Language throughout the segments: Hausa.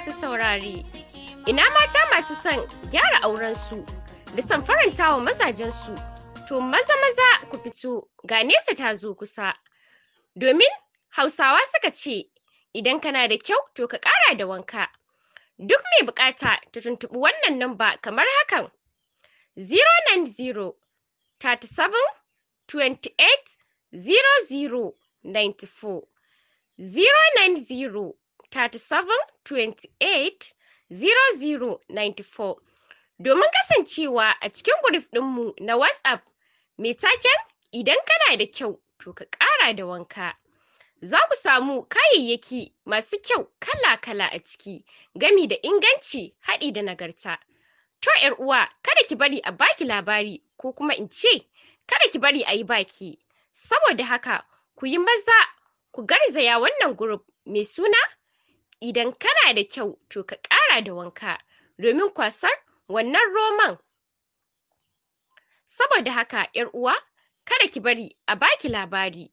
masu saurari ina mata masu son gyara aurensu da son faranta wa mazajensu, to maza maza ku fito ga nesa ta zo kusa. Domin Hausawa suka ce, idan kana da kyau to ka ƙara da wanka. Duk mai bukata ta tuntuɓi wannan namba kamar hakan. 090 37 28 090 37 domin kasancewa a cikin guruf ɗinmu na WhatsApp mai taken Idan kana da kyau, to ka ƙara da wanka. Za ku samu kayayyaki masu kyau kala-kala a ciki, gami da inganci haɗi da nagarta. To uwa, kada ki bari a baki labari ko kuma in ce, kada ki bari a yi baki. Saboda haka, ku yi maza, ku garzaya wannan guruf mai suna Idan kana da kyau, to ka ƙara da wanka domin kwasar wannan roman. Saboda haka, ‘yar uwa, kada ki bari a baki labari.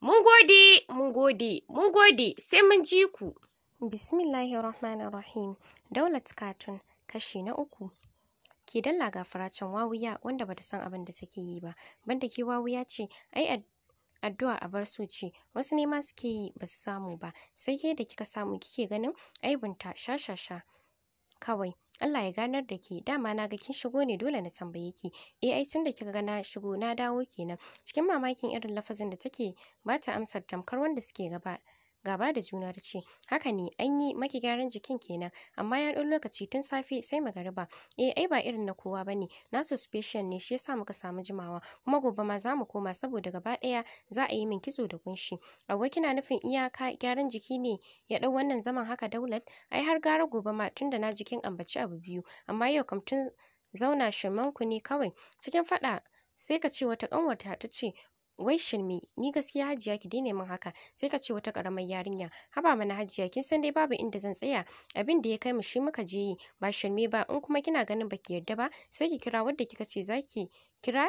Mun gode, mun gode, mun gode, sai mun ji ku. Bismillahirrahmanirrahim. Daulat Katun, kashi na uku. Ke dalla ga faracin wawuya wanda bata san abin da take yi ba, banda ke wawuya ce, ai addu'a a bar ce wasu nema suke yi ba su samu ba sai ke da kika samu kike ganin aibinta sha sha sha kawai Allah ya ganar da ke dama na ga kin shigo ne dole na tambaye ki eh ai tunda kika ga na shigo na dawo kenan cikin mamakin irin lafazin da take ba ta amsar tamkar wanda suke gaba gaba da juna ta ce haka ne an yi maki gyaran jikin kenan amma ya ɗan lokaci tun safe sai magariba eh ai ba irin na kowa ba ne na suspicion ne shi yasa muka samu jimawa kuma gobe ma za mu koma saboda gaba ɗaya za a yi min kitso da kunshi abuwa kina nufin iyaka gyaran jiki ne ya ɗau wannan zaman haka daulat ai har gara gobe ma tun da na jikin ambaci abu biyu amma yau kam tun zauna shimanku ne kawai cikin faɗa sai ka ce wata ƙanwata ta ce wai shirme ni gaskiya hajiya ki daina min haka sai ka ce wata karamar yarinya haba mana hajiya kin san dai babu inda zan tsaya abin da ya kai mu shi muka je yi ba shirme ba in kuma kina ganin baki yarda ba sai ki kira wadda kika ce zaki kira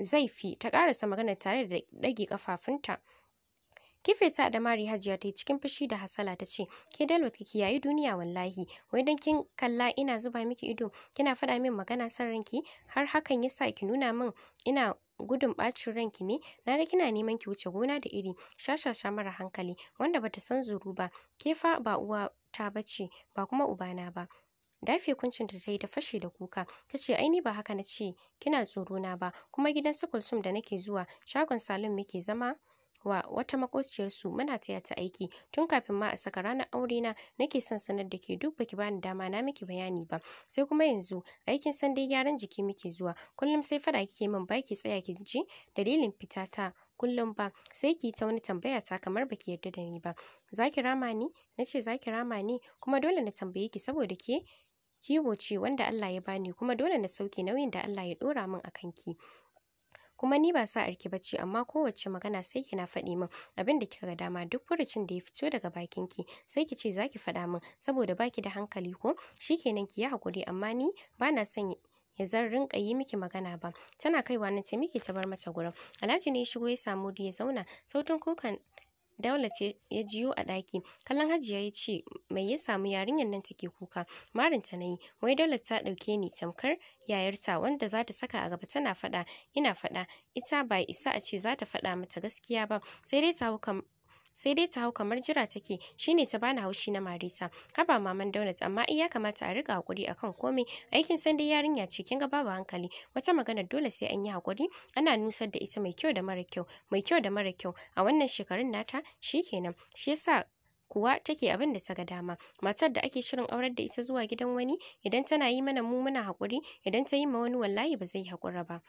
zaifi ta karasa magana tare da dage kafafunta kife ta da mari hajiya ta yi cikin fushi da hasala ta ce ke dalwa kiki yayi duniya wallahi wai dan kin kalla ina zuba miki ido kina faɗa min magana san ranki har hakan yasa ki nuna min ina gudun ɓacin ranki ne na ga kina neman ki wuce gona da iri shashasha mara hankali wanda bata san zuru ba ke fa ba uwa ta bace ba kuma ubana ba dafe kuncin ta yi ta fashe da kuka ta ce ai ni ba haka na ce kina tsoro na ba kuma gidan su kulsum da nake zuwa shagon salon muke zama wa wata su muna taya ta aiki tun kafin ma a saka ranar aure na nake son sanar da ke duk baki bani dama na miki bayani ba sai kuma yanzu aikin san dai gyaran jiki muke zuwa kullum sai fada kike min baki tsaya ki ji dalilin fita ta kullum ba sai ki ta wani tambaya ta kamar baki yarda da ni ba zaki rama ni nace zaki rama ni kuma dole na tambaye ki saboda ke kiwo ce wanda Allah ya bani kuma dole na sauke nauyin da Allah ya dora min a kanki kuma ni ba sa ki bacci amma kowace magana sai kina faɗi min abin da kika ga dama duk furucin da ya fito daga bakin ki sai ki ce zaki faɗa min saboda baki da hankali ko shikenan ki yi hakuri amma ni bana son ya zan rinka yi miki magana ba tana kaiwa na ce miki ta bar mata gurin alhaji ne ya shigo ya samu ya zauna sautin kukan daulat ya jiyo a ɗaki. Kallon Hajiya ya ce, mai ya samu yarinyar nan take kuka. Marin ta yi wai Daula ta ɗauke ni tamkar yayarta wanda za ta saka a gaba tana faɗa, ina faɗa, ita ba isa a ce za ta faɗa mata gaskiya ba, sai dai ta hau sai dai ta hau kamar jira take shine ta bani haushi na marita haba maman daunat amma iya kamata a riƙa hakuri akan komai aikin san dai yarinya ce kin ga babu hankali wata magana dole sai an yi hakuri ana nusar da ita mai kyau da mara kyau mai kyau da mara kyau a wannan shekarun nata shikenan shi yasa kuwa take abin da ta ga dama matar da ake shirin aurar da ita zuwa gidan wani idan tana yi mana mu muna haƙuri idan ta yi ma wani wallahi ba zai haƙura ba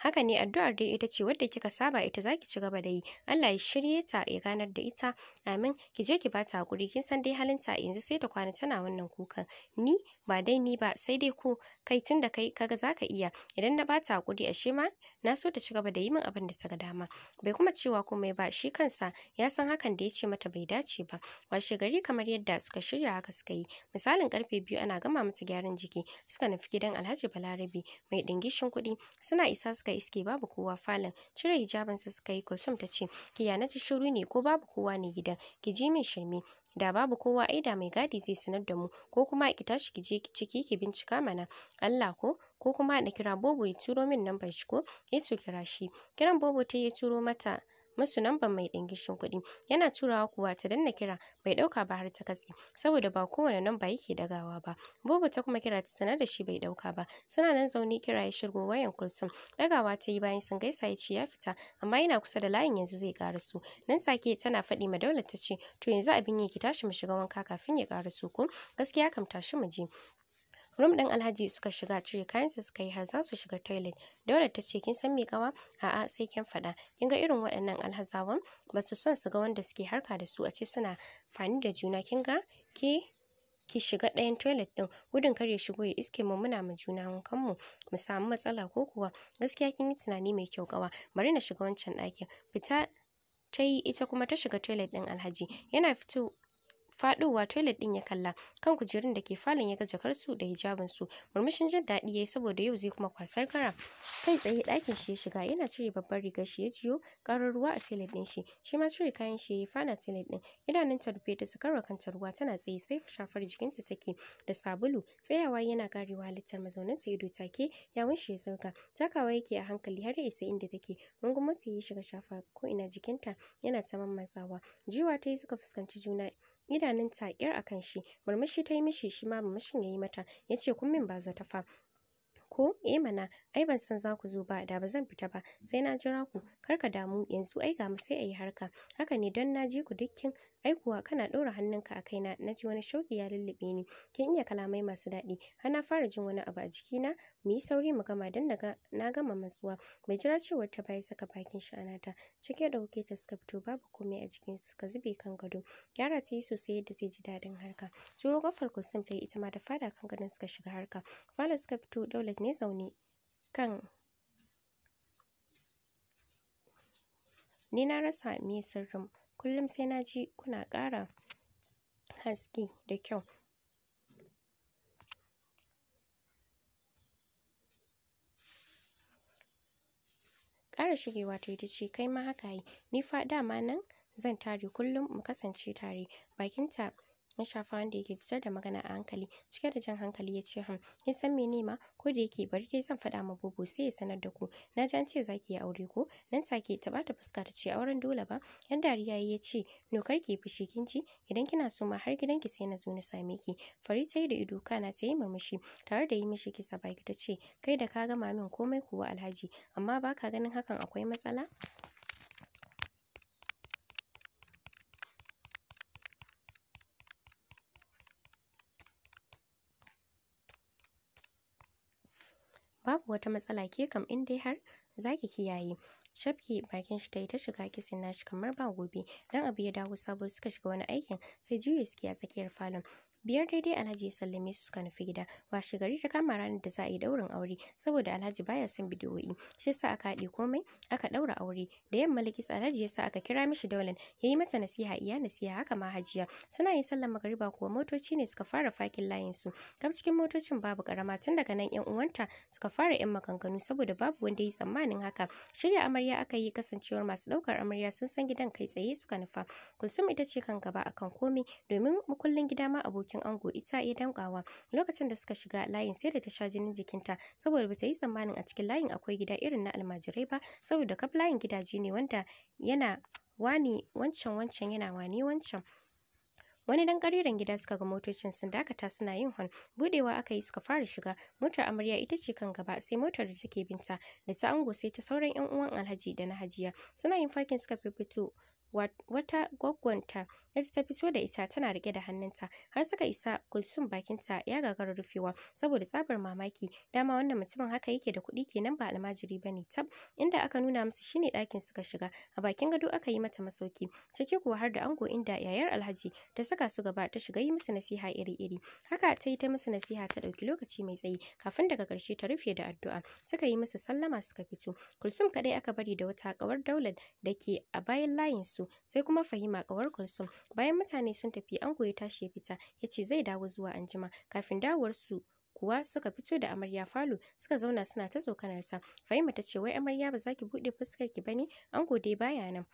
haka ne addu'ar dai ita ce wadda kika saba ita zaki ci gaba da yi Allah ya shirye ta ya ganar da ita amin ki je ki ba ta hakuri kin san dai halin ta yanzu sai ta kwana tana wannan kukan ni ba dai ni ba sai dai ku kai tunda kai kaga zaka iya idan na ba ta hakuri ashe ma na so ta ci gaba da yi min abin da ta ga dama bai kuma cewa komai ba shi kansa ya san hakan da ya ce mata bai dace ba washe gari kamar yadda suka shirya haka suka yi misalin karfe biyu ana gama mata gyaran jiki suka nufi gidan Alhaji Balarabe mai dingishin kuɗi suna isa suka suka iske babu kowa falon cire hijabinsa suka yi kulsum ta ce kiya na ci shiru ne ko babu kowa ne gidan ki ji min shirme da babu kowa ai da mai gadi zai sanar da mu ko kuma ki tashi ki je ciki ki bincika mana Allah ko ko kuma na kira bobo ya turo min nambar shi ko ya kira shi kiran bobo ta ya turo mata musu namban mai ɗingishin kuɗi yana turawa kuwa ta danna kira bai ɗauka ba har ta katse saboda ba kowane namba yake dagawa ba bubu ta kuma kira ta sanar da shi bai ɗauka ba suna nan zaune kira ya shirgo wayan kulsum ɗagawa ta yi bayan sun gaisa ya ce ya fita amma yana kusa da layin yanzu zai su nan take tana faɗi ma daular ta ce to yanzu abin yi tashi mu shiga wanka kafin ya su ko gaskiya kam tashi mu je Rum din alhaji suka shiga cire kayansu suka yi har za su shiga toilet daura ta ce kin san me kawa a'a sai kin faɗa kin ga irin waɗannan alhazawan ba su son su ga wanda suke harka da su a ce suna fani da juna kin ga ke ki shiga ɗayan toilet ɗin gudun kar shigo ya iske mu muna mu juna wankan mu mu samu matsala ko kuwa gaskiya kin yi tunani mai kyau kawa bari na shiga wancan ɗakin fita ta yi ita kuma ta shiga toilet ɗin alhaji yana fito faɗowa toilet ɗin ya kalla kan kujerun da ke falon ya ga jakar su da hijabin su murmushin jin daɗi yayi saboda yau zai kuma kwasar kara kai tsaye ɗakin shi ya shiga yana cire babbar riga shi ya jiyo ƙarar ruwa a toilet din shi shi ma cire kayan shi yayi fana toilet din idanun ta rufe ta sakarwa kanta ruwa tana tsaye sai shafar jikinta take da sabulu tsayawa yana karewa halittar mazaunin ta ido take yawun shi ya sauka takawa yake a hankali har ya isa inda take rungumar ta ya shiga shafa ko ina jikinta yana ta mammatsawa jiwa ta yi suka fuskanci juna idanun ƙyar a kan shi murmushi ta yi mishi shi ma murmushin ya yi mata ya ce kun min ba zata fa ko eh mana ai ban san za ku zo ba da ba zan fita ba sai na jira ku kar ka damu yanzu ai ga mu sai yi harka haka ne don na ji ku dukkin Ai kuwa kana ɗora hannunka a kaina na ji wani shauƙi ya lullube ni. Kin iya kalamai masu daɗi. Har na fara jin wani abu a jikina. Mu yi sauri mu gama don na gama matsuwa. Bai jira cewar ta baya saka bakin shi a nata Cike da wuke ta suka fito babu komai a jikin su suka zube kan gado. Gyara ta yi sosai yadda zai ji daɗin harka. Turo ƙofar Kusum ta yi ita ma da fada kan gado suka shiga harka. Falo suka fito Daulat ne zaune kan ni na rasa me sirrin Kullum sai na ji kuna ƙara haske da kyau. Ƙara shigewa ta yi ta ce, kai ma haka yi, ni fa dama nan zan tare kullum mu kasance tare. Bakinta na shafa wanda yake fitar da magana a hankali cike da jan hankali ya ce ham kin san mene ma ko da yake bari dai zan faɗa ma bobo sai ya sanar da ku na ji an ce za ki yi aure ko nan take ta bata fuska ta ce auren dole ba yan dariya ya ce nokar ki fushi kin ci idan kina so ma har gidanki sai na zo na same ki fari ta yi da ido kana ta yi murmushi tare da yi mishi kisa baki ta ce kai da ka gama min komai kuwa alhaji amma baka ganin hakan akwai matsala wata matsala ke kam in dai har za ki kiyaye shafke bakin shi ta ta shiga kisin nashi kamar ba gobe dan abu ya dawo sabo suka shiga wani aikin sai juye suke a tsakiyar falon biyar daidai alhaji ya sallame su suka nufi gida washe gari ta kama ranar da za a yi daurin aure saboda alhaji baya son bidiyoyi shi sa aka haɗe komai aka daura aure da yamma likis alhaji yasa aka kira mishi daulan ya yi mata nasiha iya nasiha haka ma hajiya suna yin sallar magariba kuwa motoci ne suka fara fakin layin su cikin motocin babu karama tun daga nan yan uwanta suka fara yan makankanu saboda babu wanda ya tsammanin haka shirya amarya amarya aka yi kasancewar masu ɗaukar amarya sun san gidan kai tsaye suka nufa kulsum ita ce kan gaba akan komai domin mukullin gida ma abokin ango ita ya dankawa lokacin da suka shiga layin sai da ta sha jinin jikinta saboda bata yi tsammanin a cikin layin akwai gida irin na almajirai ba saboda kaf layin gidaje ne wanda yana wani wancan wancan yana wani wancan wani dan kariran gida suka ga motocin sun dakata suna yin hon budewa aka yi suka fara shiga motar amarya ita ce kan gaba sai motar da take binta da ta ango sai ta sauran yan uwan alhaji da na hajiya suna yin fakin suka fito wata gwaggwanta yadda ta fito da ita tana rike da hannunta har suka isa kulsum bakinta ya gagara rufewa saboda tsabar mamaki dama wannan mutumin haka yake da kuɗi kenan ba almajiri ba ne tab inda aka nuna musu shine ɗakin suka shiga a bakin gado aka yi mata masauki ciki kuwa har da ango inda yayar alhaji ta saka su gaba ta shiga yi musu nasiha iri-iri haka ta yi ta musu nasiha ta ɗauki lokaci mai tsayi kafin daga karshe ta rufe da addu'a suka yi musu sallama suka fito kulsum kaɗai aka bari da wata ƙawar daular da ke a bayan layin su su sai kuma fahima ƙawar kulsum bayan mutane sun tafi an ya tashi ya fita ya ce zai dawo zuwa anjima kafin dawar su kuwa suka fito da amarya falo suka zauna suna ta tsokanar ta fahima ta ce wai amarya ba za ki buɗe fuskar ki bane an gode baya nan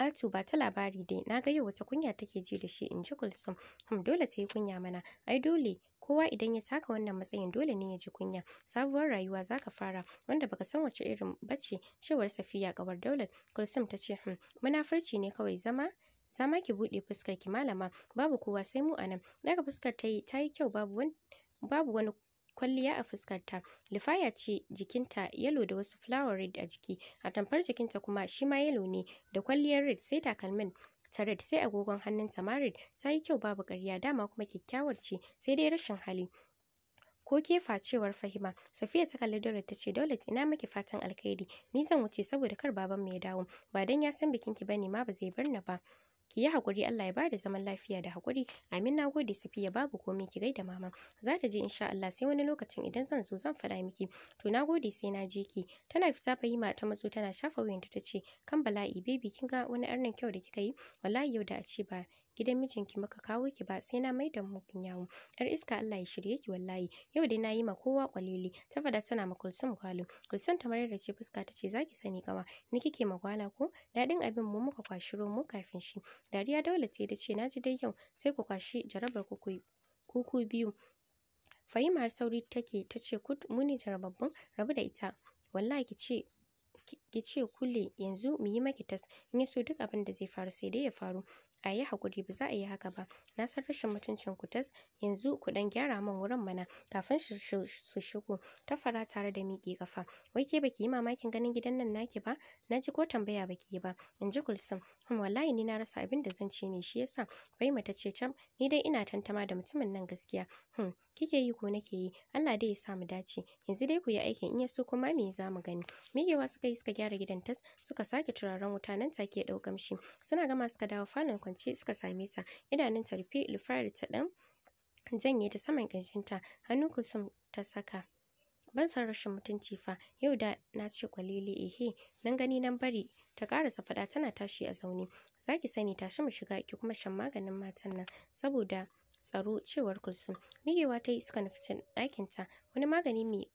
Atu ba ta labari dai na ga yau wata kunya take ji da shi in ji Kulsum. Hmm, dole ta yi kunya mana. Ai dole kowa idan ya taka wannan matsayin dole ne ya ji kunya sabuwar rayuwa zaka fara wanda baka san wace irin bace cewar Safiya kawar Daulat Kulsum ta ce hmm munafurci ne kawai zama zama ki bude fuskar ki malama babu kowa sai mu anan daga fuskar ta yi kyau babu wani babu wani kwalliya a fuskar ta lifaya ce jikinta yalo da wasu flower red a jiki a tamfar jikinta kuma shi ma yalo ne da kwalliyar red sai takalmin tare da sai agogon hannun tamarin ta yi kyau babu ƙarya dama kuma kyakkyawar ce sai dai rashin hali ko kefa cewar fahima safiya ta kalli dole ta ce dole ina miki fatan alkhairi ni zan wuce saboda kar baban mu ya dawo ba dan ya san bikin ki bane ma ba zai bar ba ki yi hakuri Allah ya bada zaman lafiya da hakuri amin na gode safiya babu komai ki gaida mama za ta je insha Allah sai wani lokacin idan zan zo zan faɗa miki to na gode sai na je ki tana fita fahima ta matso tana shafa wuyanta ta ce kan bala'i baby kin ga wani arnin kyau da kika yi wallahi yau da a ce ba gidan mijinki maka kawo ki ba sai na maida mugun yawo yar iska Allah ya shirye ki wallahi yau dai nayi ma kowa kwalili ta fada tana ma kulsum gwalo kulsum ta da ce fuska ta ce zaki sani kama ni kike magwala ko dadin abin mu muka kwashiro mu kafin shi dariya daula ce da ce naji dai yau sai ku kwashi jarabar ku kuku biyu Fahima sauri take ta ce kut muni jarababbun rabu da ita wallahi ki ce ki kule yanzu mu yi maki tas in ya so duk abin da zai faru sai dai ya faru a yi hakuri ba za a yi haka ba na san rashin mutuncin ku tas yanzu ku dan gyara min wurin mana kafin su shigo ta fara tare da miƙe kafa wai ke baki yi mamakin ganin gidan nan naki ba na ji ko tambaya baki yi ba in ji kulsum hmm, wallahi ni na rasa abin da zan ce ne shi yasa Raima mata ce can ni dai ina tantama da mutumin nan gaskiya hmm kike yi ko nake yi Allah dai ya sa mu dace yanzu dai ku yi aikin in ya so kuma me za mu gani migewa suka yi suka gyara gidan tas suka sake turaren wuta nan take ɗau kamshi suna gama suka dawo falon kwance suka same ta idanun ta rufe lufari ta ɗan janye ta saman ƙirjinta hannu kulsum ta saka ban san rashin mutunci fa yau da na ce kwalili ehe nan gani nan bari ta karasa faɗa tana tashi a zaune zaki sani tashi mu shiga ki kuma shan maganin matan nan saboda tsaro cewar kulsum nigewa ta yi suka nufi cin ɗakinta wani magani mai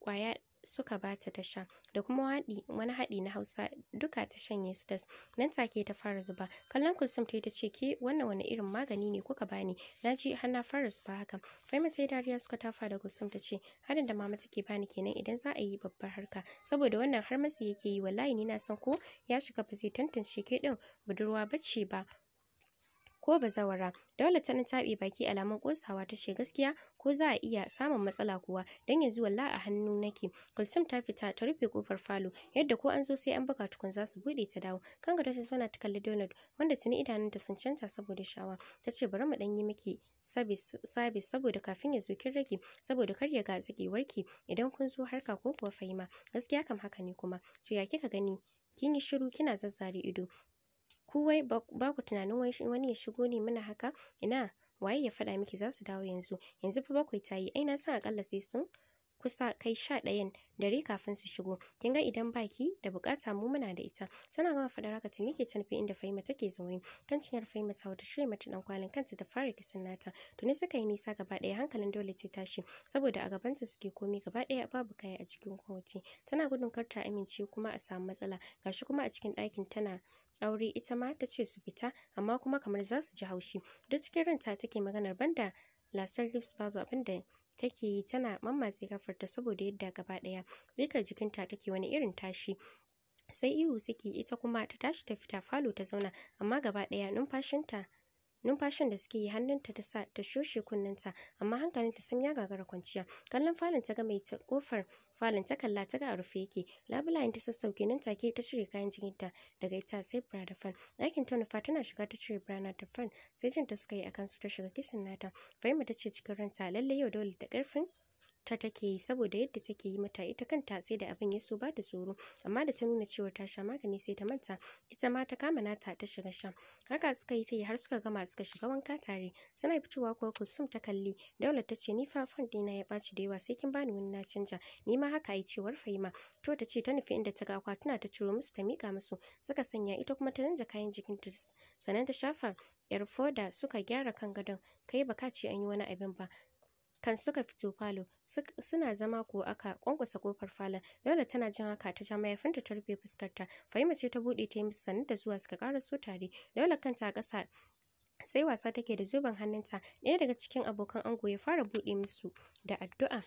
ƙwaya suka bata ta sha da kuma wani haɗi na hausa duka ta shanye su das nan take ta fara zuba kallon kulsum ta ta ce ke wannan wani irin magani ne kuka bani na ji har na fara zuba haka faima ta dariya suka tafa da kulsum ta ce harin da mama take bani kenan idan za a yi babbar harka saboda wannan har matsi yake yi wallahi ni na san ko ya shiga ba zai tantance ke din budurwa bacci ba ko bazawara dole ta taɓe baki alamun kosawa ta ce gaskiya ko za a iya samun matsala kuwa dan yanzu walla a hannu nake kulsum ta fita ta rufe kofar falo yadda ko an zo sai an baka tukun zasu su bude ta dawo kan kangara ta suna ta kalli donald wanda tuni idanunta sun canta saboda shawa ta ce bari mu dan yi miki sabis saboda kafin ya zo kin rage saboda kar ya ga tsakewarki idan kun zo harka ko kuwa fahima gaskiya kam haka ne kuma to ya kika gani kin yi shiru kina zazzare ido ku wai ba ku tunanin wai wani ya shigo ne mana haka ina waye ya faɗa miki za su dawo yanzu yanzu fa bakwai ta yi ai na san akalla sai sun kusa kai sha ɗayan dare kafin su shigo kin ga idan baki da bukata mu muna da ita tana gama faɗar haka ta miƙe ta nufi inda fahimta take zaune kan cinyar Fahima ta wata shirya mata dan kwalin kanta da fara kisan nata tuni suka yi nisa gaba ɗaya hankalin dole ta tashi saboda a gabanta suke komai gaba ɗaya babu kaya a cikin kowace tana gudun kar ta amince kuma a samu matsala gashi kuma a cikin ɗakin tana aure ita ma ta ce su fita amma kuma kamar za su ji haushi duk cikin ranta take maganar banda lasar lips babu abin da take yi tana mammatse kafarta saboda yadda gaba daya zikar jikinta take wani irin tashi sai ihu suke ita kuma ta tashi ta fita falo ta zauna amma gaba daya numfashinta numfashin da suke yi hannunta ta sa ta shoshe kunnenta amma hankalinta sun ya gagara kwanciya kallon falon ta ga mai ta kofar falon ta kalla ta ga a rufe yake yin ta sassauke nan take ta cire kayan jikinta daga ita sai bra da fan ɗakin ta nufa tana shiga ta cire na ta fan sai jin ta suka yi akan su ta shiga kisan nata fahimta ta ce cikin ranta lallai yau dole da ƙarfin ta take yi saboda yadda take yi mata ita kanta sai da abin ya so ba da tsoro amma da ta nuna cewa ta sha magani sai ta manta ita ma ta kama nata ta shiga sha haka suka yi ta yi har suka gama suka shiga wanka tare suna fitowa ko kulsum ta kalli daular ta ce ni fa dina ya ɓaci da yawa sai kin bani wani na canja ni ma haka yi cewar fahima to ta ce ta nufi inda ta ga akwatuna ta ciro musu ta miƙa musu suka sanya ita kuma ta canja kayan jikin ta sannan ta shafa yar foda suka gyara kan gadon kai baka ce an yi wani abin ba kan suka fito falo suna zama ko aka kwankwasa kofar falo Laila tana jin haka ta ja mayafinta ta rufe fuskarta Fahima ce ta bude ta yi musu sannu da zuwa suka ƙara so tare Laila kanta a ƙasa sai wasa take da zoben hannunta ɗaya daga cikin abokan ango ya fara bude musu da addu'a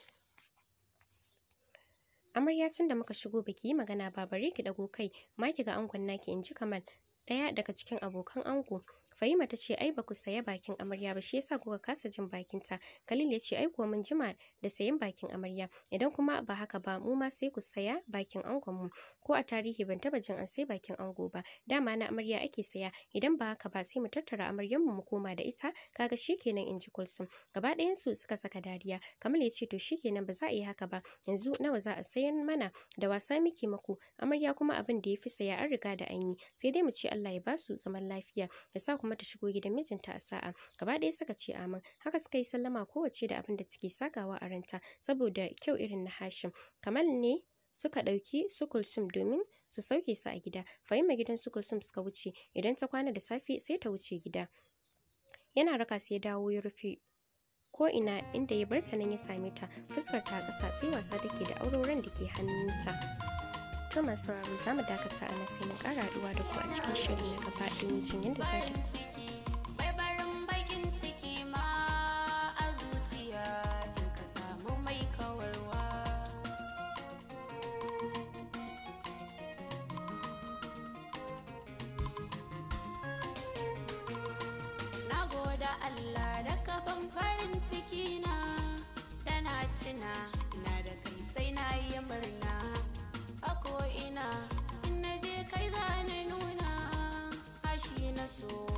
amarya tun da muka shigo baki yi magana ba ki dago kai maki ga angon naki in ji Kamal ɗaya daga cikin abokan ango Fahima ta ce ai ba ku saya bakin amarya ba shi yasa kuka kasa jin bakin ta. Khalil ya ce ai kuwa mun jima da sayan bakin amarya idan kuma ba haka ba mu ma sai ku saya bakin angon mu. Ko a tarihi ban taba jin an sai bakin ango ba. Dama na amarya ake saya idan ba haka ba sai mu tattara amaryar mu mu koma da ita kaga shikenan in ji Kulsum. Gaba ɗayan su suka saka dariya. Kamal ya ce to shikenan ba za a yi haka ba. Yanzu nawa za a sayan mana da wasa muke maku. Amarya kuma abin da ya fi saya an riga da an yi. Sai dai mu ce Allah ya ba su zaman lafiya. Ya sa kuma ta shigo gidan mijinta a sa'a gaba ɗaya suka ce amin haka suka yi sallama kowace da abin da take sakawa a ranta saboda kyau irin na hashim kamal ne suka ɗauki su domin su sauke su a gida fahimma gidan su suka wuce idan ta kwana da safe sai ta wuce gida yana raka sai ya dawo ya rufe ko ina inda ya bar ta nan ya same ta fuskar ta ƙasa sai wasa take da auroran da ke hannunta ta masu sauraro za mu dakata a nasi sai mu kara haɗuwa da ku a cikin shirin na gaba domin jin yadda za ta ko'ina in na je kai za na nuna ashi na so